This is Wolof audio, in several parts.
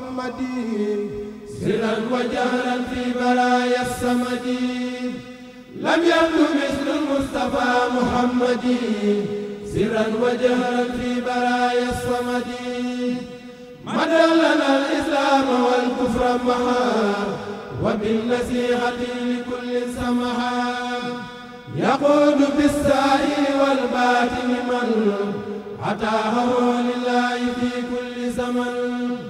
محمد سرا وجهرا في برايا الصمد لم يبدو مثل المصطفى محمد سرا وجهرا في برايا الصمد مدى لنا الإسلام والكفر معا وبالنصيحة لكل سمحا يقود بالسائل والباطن من أتاه لله في كل زمن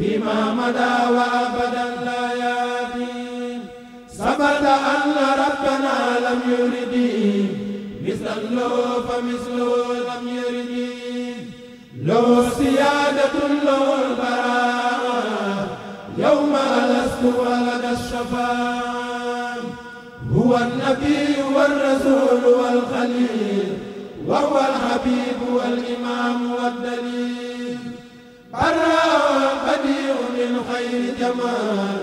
فيما مضى وأبدا لا يأتي ثبت أن ربنا لم يرد مثلا له فمثله لم يرد له سيادة له البراءة يوم ألست ولد الشفاعة هو النبي والرسول والخليل وهو الحبيب الكمال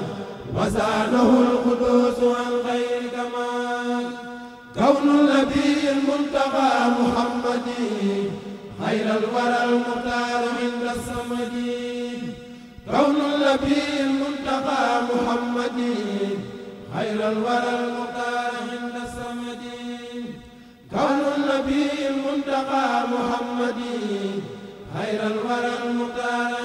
وزاله القدوس عن غير كمال كون النبي المنتقى محمد خير الورى المختار عند الصمد كون النبي المنتقى محمد خير الورى المختار عند الصمد كون النبي المنتقى محمد خير الورى المختار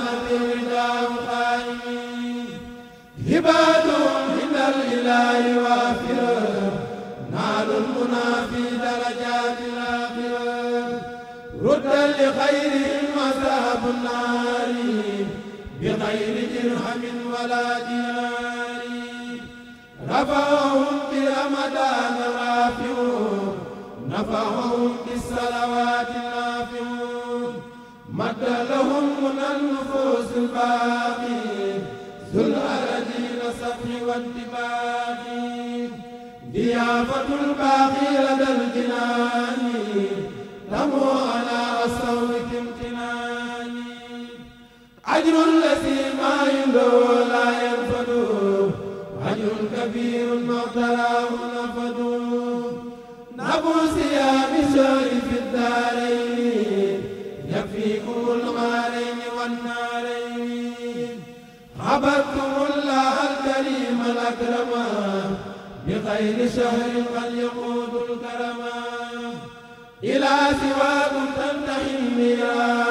بغير درهم ولا دينار نفعهم برمضان رافعون نفعهم بالصلوات نافعون مد لهم من النفوس الباقي ذو الأرجين صفي والدباغ ضيافة الباقي لدى الجنان أجر الذي ما يملو لا ينفد أجر كبير ما تراه نفد نفوسيا بشر في الدارين يكفيكم الغارين والنارين عبدتم الله الكريم الأكرم بخير شهر قد يقود الكرم إلى سواكم تنتهي النيران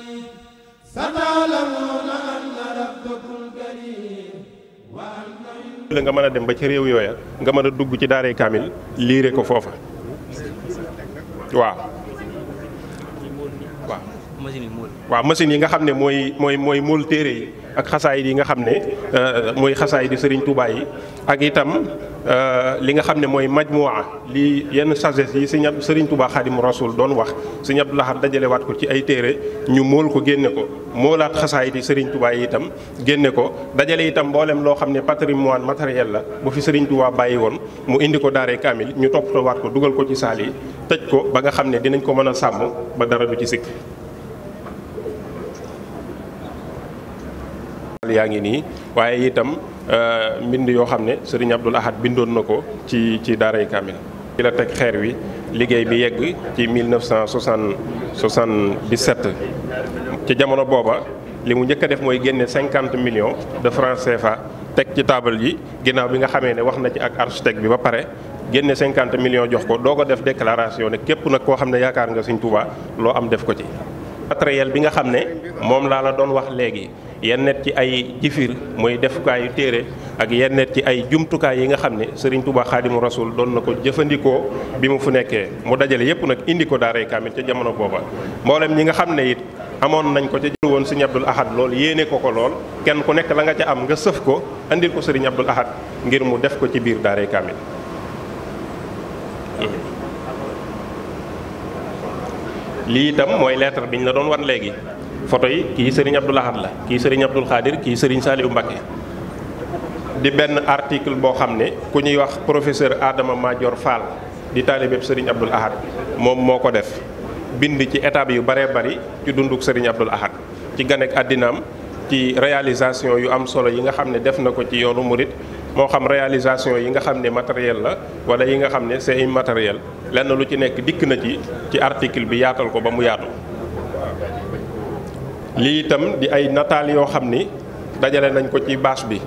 la nga mën a dem ba ci réew yooya nga mën a dugg ci daaray kaamil liire ko foofa waaw machine yi mool. waaw machine yi nga xam ne mooy mooy mooy mool téere yi ak xasaayid yi nga xam ne euh, mooy xasaayid Serigne Touba yi ak itam euh, li nga xam ne mooy majmuwa li yenn sagesse yi Serigne Serigne Touba Xaadimu Rasuul doon wax Serigne Abdou Lahad dajalewaat ko ci ay téere ñu mool ko génne ko moolaat xasaayid yi Serigne Touba yi itam génne ko dajale itam mboolem loo xam ne patrimoine matériel la bu fi Serigne Touba bàyyi woon mu indi ko daaree kaamil ñu toppatoo waat ko dugal ko ci saal yi ko ba nga xam ne dinañ ko mën a sàmm ba dara du ci sikk yaa ngi nii waaye itam euh, mbind yoo xam ne sëriñ Abdul Ahad bindoon na ko ci ci daaray Kamil. ci la teg xeer wi liggéey bi yegg ci 1977 ci jamono booba li mu njëkk a def mooy génne 50 millions de francs fa teg ci taabal yi ginnaaw bi nga xamee ne wax na ci ak architecte bi ba pare. génne 50 millions jox ko doo ko def déclaration ne képp nag koo xam ne yaakaar nga Sëriñ Tuubaa loo am def ko ci. matériel bi nga xam ne moom laa la doon wax léegi yennet ci ay jifir muy defukaayu téere ak yennet ci ay jumtukaay yi nga xam ne Serigne Touba Xaadimu Rasul doon na ko jëfandikoo bi mu fu nekkee mu dajale yépp nag indi ko daaray kaamil ca jamono booba mboolem ñi nga xam ne it amoon nañ ko ca jël woon Serigne Abdoul Ahad lool yéene ko ko lool kenn ku nekk la nga ca am nga sëf ko andil ko Serigne Abdoul Ahad ngir mu def ko ci biir daaray kaamil lii itam mooy lettre bi ñu la doon wan léegi foto yi kii Serigne Abdou Lahad la kii Serigne Abdoul Khadir kii Serigne Saliou Mbacké di benn article boo xam ne ku ñuy wax professeur Adama Madior Fall di taalibeb sëriñ Abdoul Ahad moom moo ko def bind ci étapes yu bëree bari ci dunduk Serigne Abdoul Ahad ci ganek àddinaam ci réalisation yu am solo yi nga xam ne def na ko ci yoonu murit moo xam réalisation yi nga xam ne matériel la wala yi nga xam ne c'est matériel lenn lu ci nekk dikk na ci ci article bi yaatal ko ba mu yaatu lii itam di ay nataal yoo xam ni dajale nañ ko ci baas bi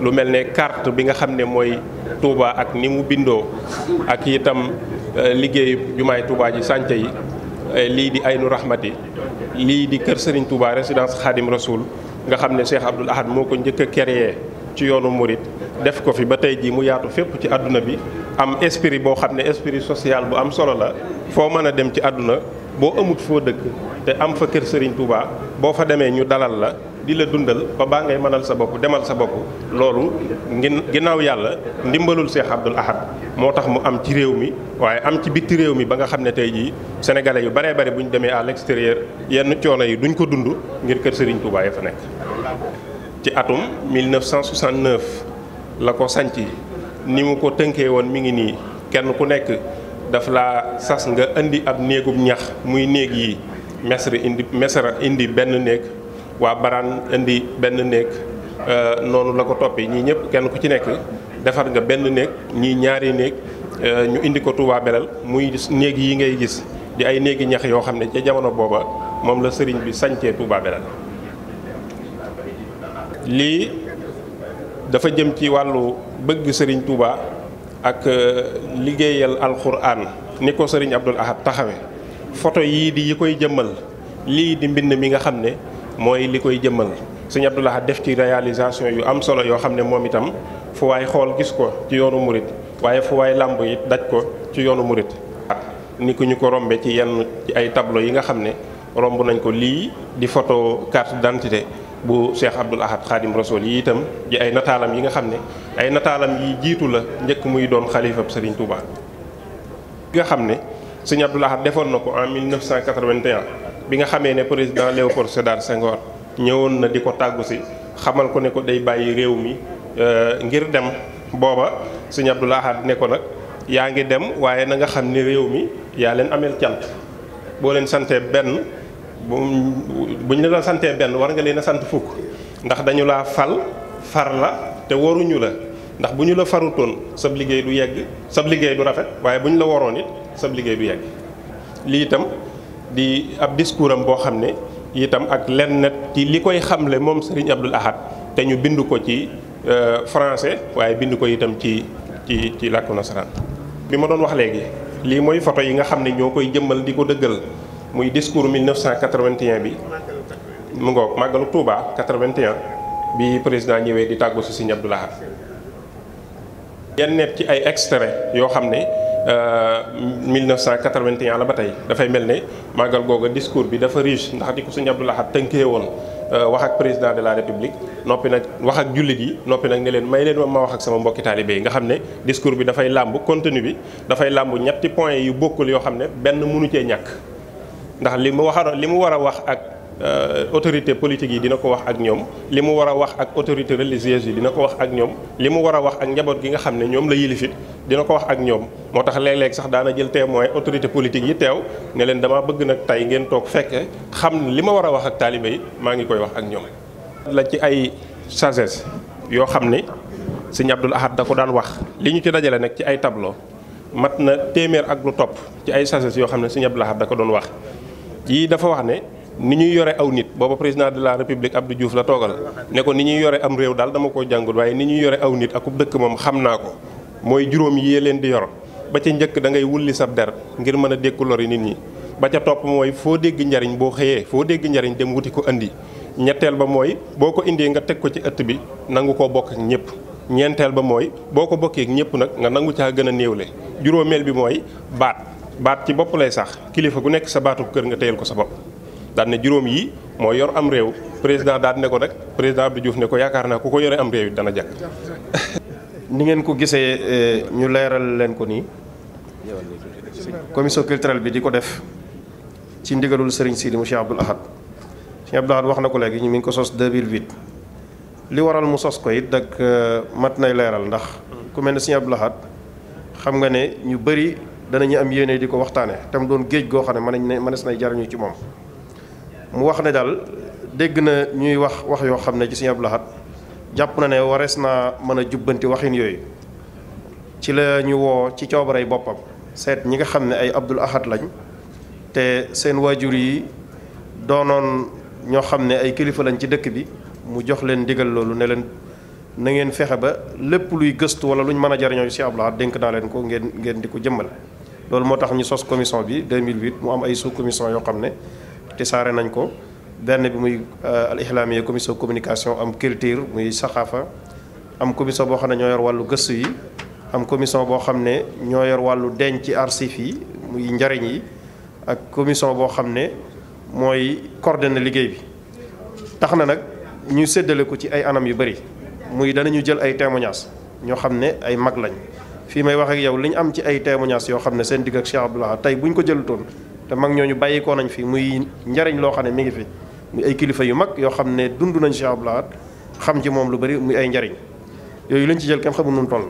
lu mel ne kart bi nga xam ne mooy Touba ak ni mu bindoo ak itam euh, liggéey jumaay Touba ji sànce yi euh, lii di Aynu Rahmati lii di kër sëriñ Touba résidence Khadim Rasoul nga xam ne Cheikh Abdoul Ahad moo ko njëkk a ci yoonu Mouride def ko fi ba tey jii mu yaatu fépp ci àdduna bi am esprit boo xam ne esprit social bu am solo la foo mën a dem ci àdduna boo amut foo dëkk te am fa kër Serigne Touba boo fa demee ñu dalal la di la dundal ba baa ngay mënal sa bopp demal sa bopp loolu ngin ginnaaw yàlla ndimbalul Cheikh Abdoul Ahad moo tax mu am ci réew mi waaye am ci bitti réew mi ba nga xam ne tey jii sénégalais yu baree bari bu ñu demee à l'extérieur yenn coono yi duñ ko dund ngir kër Serigne Touba ya fa nekk. ci atum 1969. la ko sanc ni mu ko tënkee woon mu ngi nii kenn ku nekk daf la sas nga indi ab néegub ñax muy néeg yi mesra indi mesra indi benn néeg waa baraan indi benn néeg euh, noonu la ko toppee ñii ñëpp kenn ku ci nekk defar nga benn néeg ñi ñaari néeg euh, ñu indi ko Touba muy néeg yi ngay gis di ay néegi ñax yoo xam ne ca jamono booba moom la sëriñ bi sañcee Touba dafa jëm ci wàllu bëgg sëriñ Touba ak euh, liggéeyal alxuraan ni ko sëriñ Abdul Ahad taxawe photo yii di yi koy jëmmal lii di mbind mi nga xam ne mooy li koy jëmmal sëriñ Abdul Ahad def ci réalisation yu am solo yoo xam ne moom itam fu waay xool gis ko ci yoonu murit waaye fu waay làmb it daj ko ci yoonu murit ni ku ñu ko rombe ci yenn ci ay tablo yi nga xam ne romb nañ ko lii di photo carte d'identité bu Cheikh Abdoul Ahad Khadim Rasoul yi itam ji ay nataalam yi nga xam ne ay nataalam yi jiitu la njëkk muy doon xalifab Serigne Touba nga xam ne Serigne Abdoul defoon na ko en 1981 bi nga xamee ne président Léopold Sédar Senghor ñëwoon na di ko tàggu si xamal ko ne ko dey bàyyi réew mi euh, ngir dem booba Serigne Abdoul Ahad ne ko nag yaa ngi dem waaye na nga xam ne réew mi yaa leen ameel cant boo leen santee benn buñ ne la santee benn war nga leen a sant fukk ndax dañu laa fal far la te waruñu la ndax bu ñu la farutoon sab liggéey du yegg sab liggéey du rafet waaye bu ñu la waroon it sab liggéey du yegg lii itam di ab discours boo xam ne itam ak lenn ci li koy xamle moom Serigne Abdoul Ahad te ñu bind ko ci euh, français waaye bind ko itam ci ci ci làkku nasaraan bi ma doon wax léegi lii mooy photo yi nga xam ne ñoo koy jëmmal di ko dëggal muy discours 1981 bi mu ngoog màggalu Touba 81 bi président ñëwee di tàggu si Sëriñ Abdou yenn net ci ay extrait yoo xam ne 1981 euh, la ba tey dafay mel ne màggal googa discours bi dafa riche ndax di ko Sëriñ Abdou Lahad tënkee woon euh, wax ak président de la république noppi nag wax ak jullit yi noppi nag ne leen may leen ma wax ak sama mbokki taalibe yi nga xam ne discours bi dafay làmb contenu bi dafay làmb ñetti point yu bokkul yoo xam ne benn mënu cee ñàkk ndax li mu waxar li mu war a wax ak euh, autorité politique yi dina ko wax ak ñoom li mu war a wax ak autorité religieuse yi dina ko wax ak li mu war a wax ak njaboot gi nga xam ne ñoom la yilifit dina ko wax ak ñoom moo tax léeg-léeg sax daana jël tee témoin autorité politique yi teew ne leen dama bëgg nag tey ngeen toog fekke xam li ma war a wax ak taalibe yi maa ngi koy wax ak ñoom la ci ay sagesse yoo xam ni sëñ Abdul Ahad da ko daan wax li ñu ci dajale nag ci ay tablo mat na téeméer ak lu topp ci ay sagesse yoo xam ne sëñ Abdul da ko doon wax yii dafa wax ne ni ñuy yore aw nit booba président de la république Abdou Diouf la toogal ne ko ni ñuy yore am réew daal dama ko jàngul waaye ni ñuy yore aw nit akub dëkk moom xam naa ko mooy juróom yee leen di yor ba ca njëkk da ngay wulli sab der ngir mën a dékku lori nit ñi ba ca topp mooy foo dégg njariñ boo xëyee foo dégg njariñ dem wuti ko indi ñetteel ba mooy boo ko indee nga teg ko ci ëtt bi nangu koo bokk ak ñëpp ñeenteel ba mooy boo ko bokkee ñëpp nag nga nangu caa gën a néewle juróomeel bi mooy baat baat ci bopp lay sax kilifa gu nekk sa baatu kër nga téyal ko sa bopp daan juróom yi moo yor am réew président daan ne ko rek président Abdou Diouf ne ko yaakaar naa ko ko yore am réew it dana jàkk ni ngeen ko gisee eh, ñu leeral leen ko nii commission culturelle bi di ko def ci ndigalul Serigne Sidi mu Cheikh Abdoul Ahad Cheikh Abdoul Ahad wax na ko léegi ñu mi ngi ko sos 2008 li waral mu sos ko it ak eh, mat nay leeral ndax ku mel ne Cheikh Abdoul Ahad xam nga ne ñu bëri danañu am yéene di ko waxtaane te mu doon géej goo xam ne mënañ ne mënees nay jariñu ci moom mu wax ne daal dégg na ñuy wax wax yoo xam ne ci Sëriñ Abdou Lahad jàpp na ne warees naa mën a jubbanti waxin yooyu ci la ñu woo ci coobarey boppam seet ñi nga xam ne ay Abdul Ahad lañ te seen waajur yi doonoon ñoo xam ne ay kilifa lañ ci dëkk bi mu jox leen ndigal loolu ne leen na ngeen fexe ba lépp luy gëstu wala luñ mën a jariñoo ci Sëriñ Abdou Lahad dénk naa leen ko ngeen ngeen di ko jëmmal loolu moo tax ñu sos commission bi 2008 mu am ay sous commission yoo xam ne te saare nañ ko benn bi muy euh, al ihlaamiya commission communication am culture muy saxaafa am commission boo xam ne ñoo yor wàllu gëstu yi am commission boo xam ne ñoo yor wàllu denc ci arsif yi muy njariñ yi ak commission boo xam ne mooy coordonné liggéey bi tax na nag ñu séddale ko ci ay anam yu bëri muy danañu jël ay témoignages ñoo xam ne ay mag lañ fii may wax ak yow li ñu am ci ay témoignages yoo xam ne seen digg ak Cheikh Abdou Lahad tey bu ñu ko jëlutoon te mag ñu bàyyikoo nañ fi muy njariñ loo xam ne mi ngi fi ay kilifa yu mag yoo xam ne dund nañ Cheikh Abdou xam ci moom lu bari muy ay njariñ yooyu lañ ci jël kenn xamul nu mu toll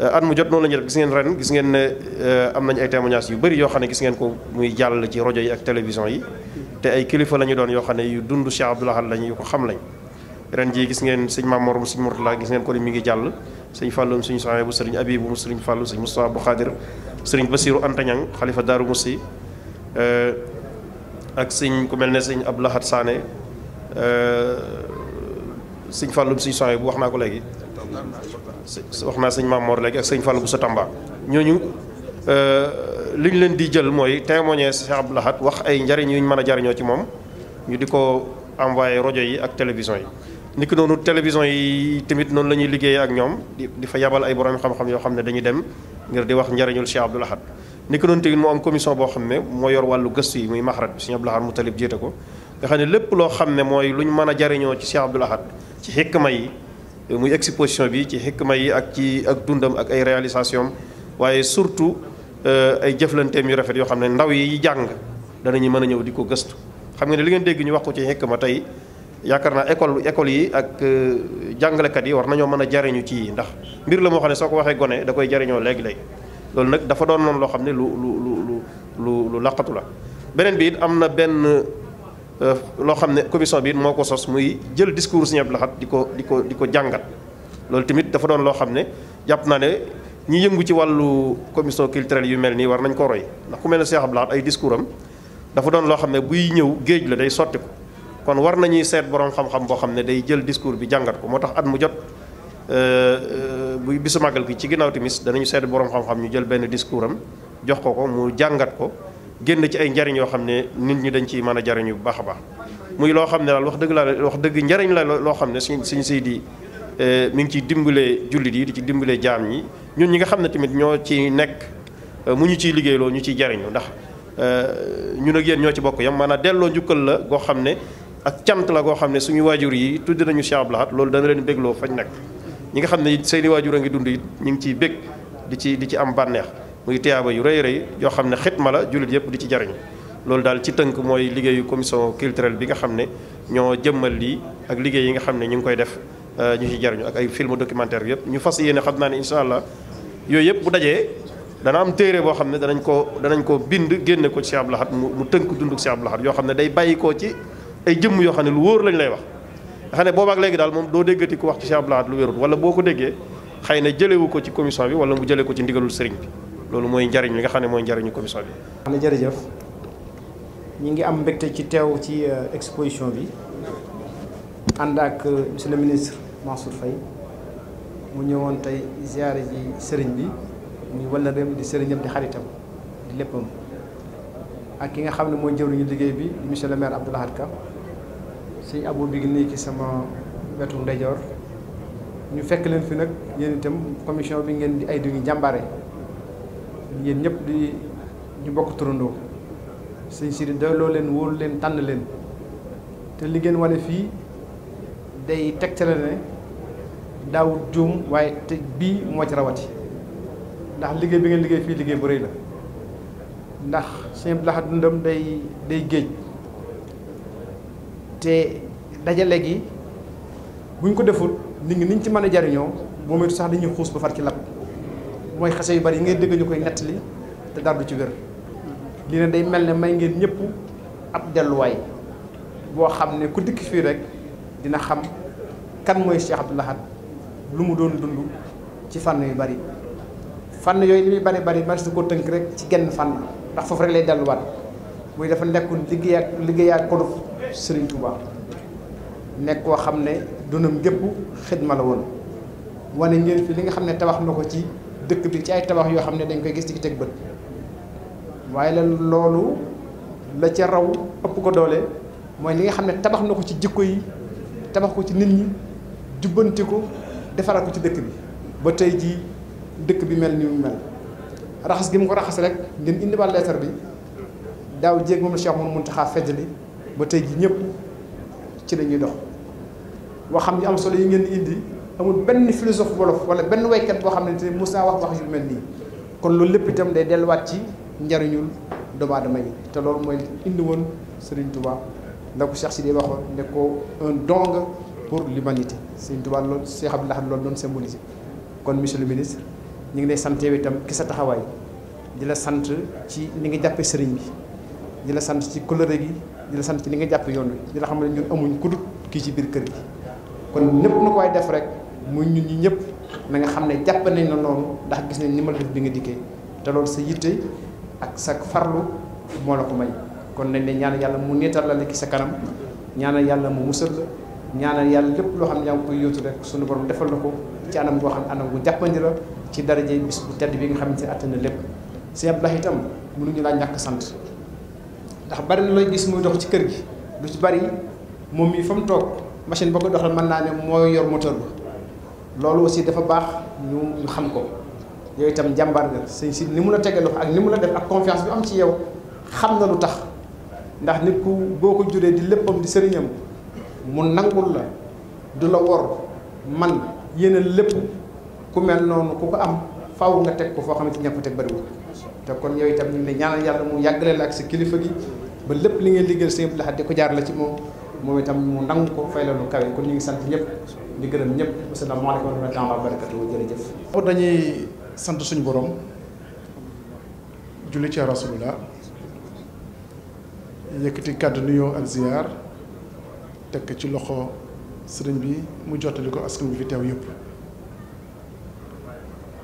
euh, at mu jot noonu la ñuy gis ngeen ren gis ngeen ne euh, am nañ ay témoignages yu bëri yoo xam ne gis ngeen ko muy jàll ci rajo yi ak télévision yi te ay kilifa la ñu doon yoo xam ne yu dund Cheikh Abdou Lahad lañ yu ko xam lañ ren ji gis ngeen sëñ Mamour sëñ Mourtala gis ngeen ko ni mi ngi jàll sëñ fàllum suñu soxna bu sëriñ abibu mu sëriñ fàllu sëñ Moustapha bu xaadir sëriñ basiru antañang xalifa daaru musi eh, ak sëñ ku mel ne sëñ abdou lahat saane eh, sëñ fàllum suñu soxna bu wax naa ko léegi wax naa sëñ Mamor léegi ak sëñ fàllu bu sa tamba ñooñu eh, li ñu leen di jël mooy témoigner Cheikh Abdou Lahad wax ay njariñ yu ñu mën a jariñoo ci moom ñu di ko envoyé rajo yi ak télévision yi niki noonu télévision yi tamit noonu la ñuy liggéeyee ak ñoom di di fa yabal ay borom xam-xam yoo xam ne dañuy dem ngir di wax njariñul Cheikh Abdoul Ahad niki noonu tamit moo am commission boo xam ne moo yor wàllu gëstu yi muy maxarat bi Cheikh Abdoul Ahad Moutalib jiite ko nga xam ne lépp loo xam ne mooy lu ñu mën a jariñoo ci Cheikh Abdoul Ahad ci xikma yi muy exposition bi ci xikma yi ak ci ak dundam ak ay réalisation waaye surtout euh, ay jëflanteem yu rafet yoo xam ne ndaw yi jàng danañu mën a ñëw di ko gëstu xam nga ne li ngeen dégg ñu wax ko ci xikma tey yaakaar naa école école yi ak euh, jàngalekat yi war nañoo mën a jariñu ci ndax mbir la moo xam ne soo ko waxee gone da koy jariñoo léegi-léegi loolu nag dafa doon noonu loo xam ne lu lu lu lu lu laqatu la beneen bi it am na benn euh, loo xam ne commission bi moo ko sos muy jël discours Sëriñ Abdou Lahad di ko di ko di ko jàngat loolu tamit dafa doon loo xam ne jàpp naa ne ñi yëngu ci wàllu commission culturelle yu mel nii war nañ ko roy ndax ku mel ne Sëriñ Abdou Lahad ay discours am dafa doon loo xam ne buy ñëw géej la day sotti ko kon war nañuy seet boroom xam-xam boo xam ne day jël discours bi jàngat ko moo tax at mu jot euh, euh, bu bisu màggal gi ci ginnaaw timis danañu seet boroom xam-xam ñu jël benn discours am jox ko ko mu jàngat ko génn ci ay njariñ yoo xam ne nit ñi dañ ciy mën a jariñu bu baax a baax muy loo xam ne daal wax dëgg laa wax dëgg njariñ la loo xam ne suñ suñ siy di euh, mi ngi ciy dimbalee jullit yi di ci dimbalee jaam ñi ñun ñi nga xam ne tamit ñoo ci nekk mu ñu ciy liggéeyloo ñu ciy jariñu ndax ñun ak yéen ñoo ci bokk yam maanaam delloo njukkal la goo xam ne ak cant la goo xam ne suñu waajur yi tudd nañu Cheikh Abdou Lahad loolu dana leen bégloo fañ nag ñi nga xam ne seeni waajur a ngi dund it ñu ngi ciy bég di ci di ci am bànneex muy tiyaaba yu rey rey yoo xam ne ma la jullit yëpp di ci jariñu loolu daal ci tënk mooy liggéeyu commission culturelle bi nga xam ne ñoo jëmmal lii ak liggéey yi nga xam ne ñu ngi koy def euh, ñu ci jariñu ak ay film documentaire yëpp ñu fas yéene xam naa ne incha allah yooyu yëpp bu dajee dana am téere boo xam ne danañ ko danañ ko bind génne ko ci Cheikh Abdou mu tënk dunduk Cheikh yoo xam ne day bàyyi ko ci ay jëmm yoo xam ne lu wóor lañ lay wax nga xam ne boobaak léegi daal moom doo déggati ku wax ci Cheikh Abdou lu wérut wala boo ko déggee xëy na jëlewu ko ci commission bi wala mu jële ko ci ndigalul sëriñ bi loolu mooy njariñ li nga xam ne mooy njariñu commission bi. wax na jërëjëf ngi am mbégte ci teew ci euh, exposition bi ànd ak euh, monsieur le ministre mu ñëwoon tey ziare ji bi muy wala réew di sëriñam di xaritam di ki nga xam ne mooy jëwriñu liggéey bi di monsieur le maire Abdou Ka sëñ Abou bi ngi nii ci sama wetu ndeyjoor ñu fekk leen fi nag yéen itam commission bi ngeen di ay duñu jàmbaare yéen ñëpp di ñu bokk turandoo sëñ Sidi doyloo leen wóolu leen tànn leen te li ngeen wane fii day tegtale ne daawut juum waaye te bii moo ci rawati ndax liggéey bi ngeen liggéey fii liggéey bu rëy la ndax sëñ Abdou Lahad dundam day day géej te dajale gi buñ ko deful nit ñi niñ ci mën a jariñoo moom it sax dañuy xuus ba far ci lab mooy xase yu bari yi ngay dégg ñu koy nettali te dara ci wér lii ne day mel ne may ngeen ñëpp ab delluwaay boo xam ne ku dikk fii rek dina xam kan mooy Cheikh Abdou Lahad lu mu doon dund ci fànn yu bari fànn yooyu li muy bari bari ma su ko tënk rek ci genn fànn ndax foofu rek lay delluwaat muy dafa nekkul liggéey ak liggéey seriñ Touba nekk koo xam ne dunam gépp xidma la woon wane ngeen fi li nga xam ne tabax na ko ci dëkk bi ci ay tabax yoo xam ne dañ koy gis ci ki teg bët waaye la loolu la ca raw ëpp ko doole mooy li nga xam ne tabax na ko ci jikko yi tabax ko ci nit ñi jubbanti ko defaraat ko ci dëkk bi ba tey ji dëkk bi mel ni mu mel raxas gi mu ko raxas rek ngeen indiwaat leetar bi daaw jéeg moom la Cheikh moom Mountakha feddali ba tey ji ñëpp ci lañuy dox wax xam ni am solo yi ngeen indi amul benn philosophe wolof wala benn waykat boo xam ne te mos naa wax wax yu mel nii kon loolu lépp itam day delluwaat ci njariñul doomu aadama yi te loolu mooy indi woon Serigne Touba la ko Cheikh Sidi waxoon ne ko un pour l'humanité Serigne Touba loolu Cheikh Abdou Lahad loolu doon symboliser kon monsieur le ministre ñu ngi lay sant itam ki sa taxawaay di la sant ci ni nga jàppee sëriñ bi di la sant ci kóllëre gi di la sant ci li nga jàpp yoon wi di la xam ne ñun amuñ ku dut kii ci biir kër gi kon ñëpp nu koy def rek muy ñun ñi ñëpp na nga xam ne jàpp nañ la noonu ndax gis nañ ni ma la def bi nga dikkee te loolu sa yitte ak sa farlu moo la ko may kon nañ ne ñaanal yàlla mu nettal la nekk sa kanam ñaanal yàlla mu musal la ñaanal yàlla lépp loo xam ne yaa ngi koy yóotu rek suñu borom defal la ko ci anam goo xam ne anam gu jàppandi la ci daraje bis bu tedd bi nga xamante ne àttan na lépp si Abdoulaye itam mënuñu laa ñàkk sant ndax bari na looy gis muy dox ci kër gi lu ci bari moom mii fa mu toog machine ba ko doxal mën naa ne mooy yor moteur ba loolu aussi dafa baax ñu ñu xam ko yooyu itam jàmbaar nga sëñ si ni mu la tegee ak ni mu la def ak confiance bi am ci yow xam na lu tax ndax nit ku boo ko juree di léppam di sëriñam mu nangul la du la wor man yéene lépp ku mel noonu ku ko am faaw nga teg ko foo xamante ñàkk teg bëriwul te kon yooyu itam ñu ne ñaanal yàlla mu yàgg la ak si kilifa gi ba lépp li ngay liggéeyal si Abdou Lahad di ko jaar la ci moom moom itam mu nangu ko fay la lu kawe kon ñu ngi sant ñëpp di gërëm ñëpp asalaamaaleykum wa rahmatulah wa barakatu jërëjëf dañuy sant suñu borom julli ci rasulullah yëkkati kàdd nuyoo ak ziyaar tekk ci loxo sëriñ bi mu jottali ko askan bi fi teew yëpp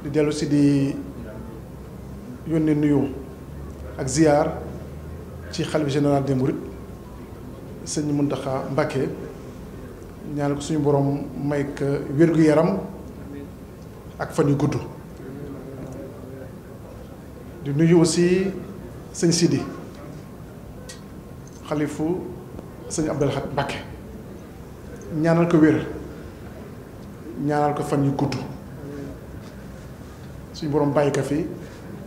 di dellu di yónni nuyoo ak ziyaar ci xalifa général des sëñ Muntaxa Mbàkke ñaan suñu borom may ko yaram ak fan yu gudd di nuyu sëñ Sidi xalifu sëñ Abdul Ahad Mbàkke ñaanal ko wér ñaanal ko fan yu gudd suñu borom bàyyi ko fi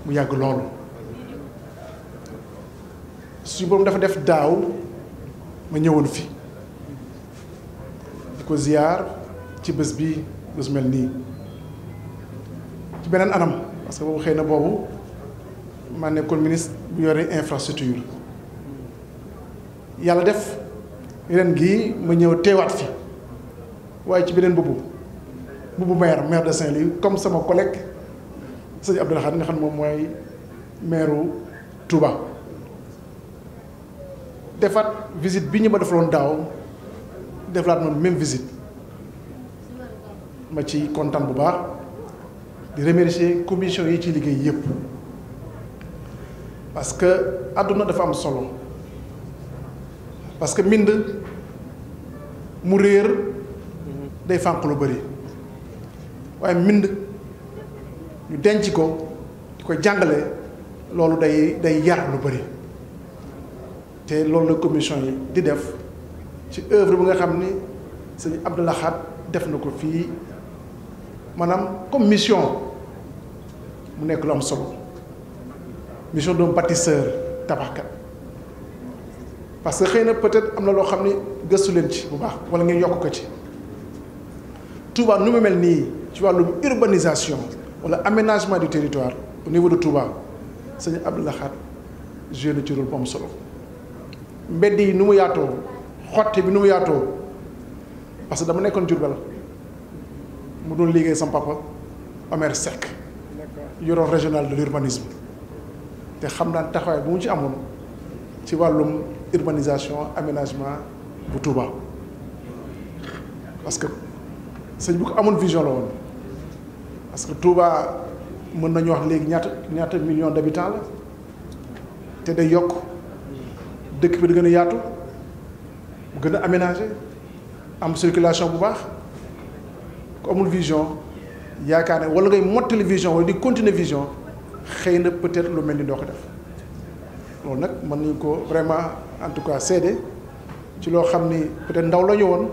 mu yàgg loolu su borom dafa def daaw ma ñëwoon fi di ko ziyaar ci bés bi bés nii ci beneen anam parce boobu xëy na boobu maa nekkoon ministre bu yore infrastructure yàlla def ren gii ma ñëw teewaat fi waaye ci beneen boobu boobu maire maire de saint li comme sama collègue sëñ Abdoulaye nga xam ne moom mooy maireu Touba. defaat visite bi ñu ma defaloon daaw defalaat noonu même visite ma ci kontaan bu baax di remercier commission yi ci liggéey yépp parce que àdduna dafa am solo parce que mbind mu réer day fànq lu bari waaye mbind ñu denc ko di ko jàngale loolu day day yar lu bari te loolu na commission yi di def ci œuvre bi nga xam ni sëñ Abdou Lahad def na ko fii maanaam comme mission mu nekk lu am solo mission de bâtisseur tabaxkat parce que xëy na peut-être am na loo xam ni gëstu leen ci bu baax wala ngeen yokk ko ci Touba nu mu mel nii ci wàllum urbanisation wala aménagement du territoire au niveau de Touba sëñ Abdou Lahad joué na ci bu am solo. mbedd yi nu mu yaatoo xotti bi nu mu yaatoo parce que dama nekkoon Diourbel mu doon liggéey sama papa Omer Seck yoroon régional de l'urbanisme te xam naa taxawaay bu mu ci amoon ci wàllum urbanisation aménagement bu Touba parce que sëñ bu ko amoon vision la woon parce que Touba mën nañu wax léegi ñaata ñaata million d'habitants la te day yokk. dëkk fi di gën a yaatu mu gën a aménagé am circulation bu baax ku amul vision yaakaar ne wala ngay mottali vision wala di continuer vision xëy na peut-être lu mel ni doo ko def loolu nag mën nañu ko vraiment en tout cas seede ci loo xam ni peut-être ndaw la ñu woon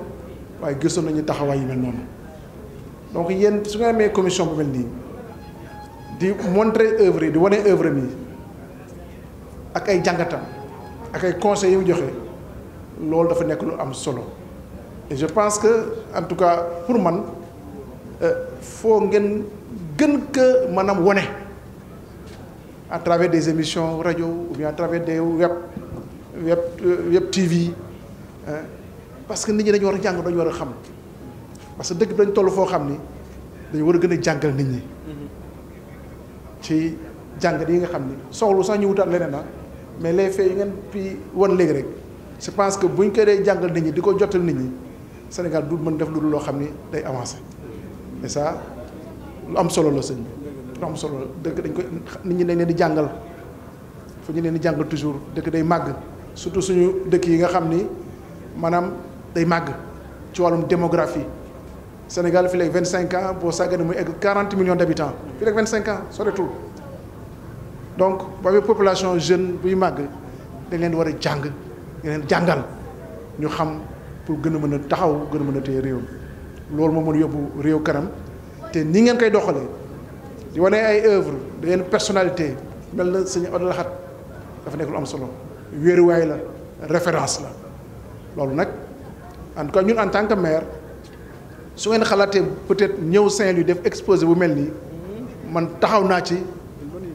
waaye gisoon nañu taxawaay yu mel noonu donc yéen su nga amee commission bu mel nii di montrer œuvre yi di wane œuvre mi ak ay jàngatam. ak ay conseils yu mu joxe loolu dafa nekk lu am solo je pense que en tout cas pour man euh, foo ngeen gën ka maanaam wone à travers des émissions rajo ou bien à travers des web web euh, web TV parce que nit ñi dañu war a jàng dañu war a xam parce que dëkk bi dañ toll foo xam ni dañu war a gën a jàngal nit ñi mm-hmm. ci jàng yi nga xam ni soxlu sax ñu wutaat leneen na ah. mais les faits yi ngeen fi wan léegi rek je pense que buñ ko dee jàngal nit ñi di ko jotal nit ñi Sénégal du mën def lu dul loo xam ni day avancer mais ça lu am solo la sëñ bi lu am solo la dëkk dañ koy nit ñi dañ leen di jàngal fu ñu leen di jàngal toujours dëkk day màgg surtout suñu dëkk yi nga xam ni maanaam day màgg ci wàllum démographie Sénégal fi léegi vingt cinq ans boo sàggane muy egg quarante millions d' habitants vingt cinq ans soretul donc bu amee population jeune buy màgg dañ leen war a jàng dañ leen jàngal ñu xam pour gën a mën a taxaw gën a mën a réew mi loolu moo mën yóbbu réew kanam te nii ngeen koy doxalee di wane ay œuvre da ngeen personalité mel na sëñ Abdou Lahad dafa nekk am solo wéeruwaay la référence la loolu nag en tout cas ñun en tant que maire su ngeen xalaatee peut-être ñëw Saint-Louis def exposé bu mel nii man taxaw naa ci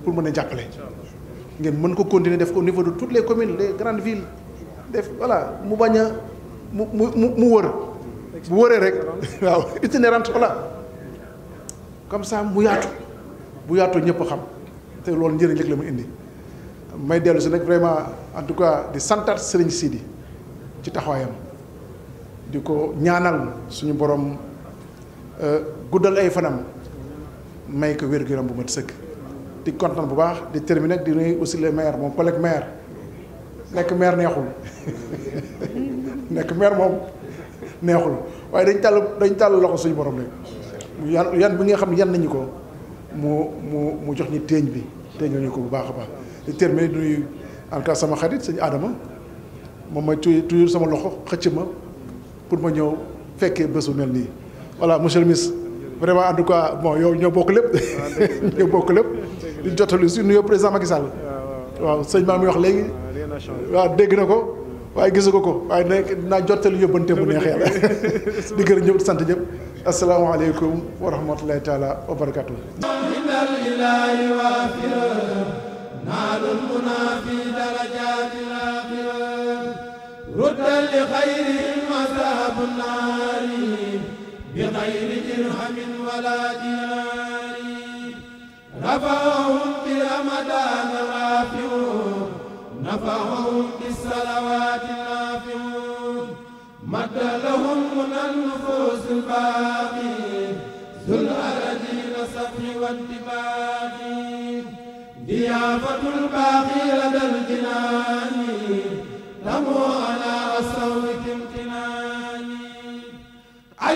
pour mën a jàppale ngeen mën ko continuer def ko niveau de toutes les communes les grandes villes def voilà mu bañ a mu mu mu wër bu wëree rek waaw itinérante voilà comme ça mu yaatu bu yaatu ñëpp xam te loolu njëriñ la mu indi may dellu si nag vraiment en tout cas di santaat Sëriñ Sidi ci taxawaayam di ko ñaanal suñu borom euh, guddal ay fanam may ko wér-gu-yaram bu mat sëkk di kontaan bu baax di terminer di nuyu aussi les maires moom collègue maire nekk maire neexul nekk maire moom neexul waaye dañ tàll dañ tàll loxo suñu borom rek yan yan bi nga xam ne yan nañu ko mu mu mu jox ñu téeñ bi téeñ nañu ko bu baax a baax di terminer di nuyu sama xarit sëñ aadama moom mooy toujours sama loxo xëcc ma pour ma ñëw fekkee bésu mel nii voilà monsieur le vraiment en tout cas bon yow ñoo bokk lépp. Ah, ñoo bokk lépp. di jottali si nuyoo président Macky Sall. Ah, waaw sëñ maa mi wax léegi. Ah, waaw dégg na ko. waaye gisu ko ko waaye nag dinaa jottali yóbbante bu neex di gërëm ñëpp di sant ñëpp asalaamaaleykum wa rahmatulahi taala wa barakaatu. نال المنى في درجات الآخرة ردا لخيرهم وذهب النار بغير ولا دينار نفعهم برمضان رافعون نفعهم بالصلوات نافعون مد لهم من النفوس الباقي ذو الأرجين صفي والدباق ضيافة الباقي لدى الجنان تمو على الصوت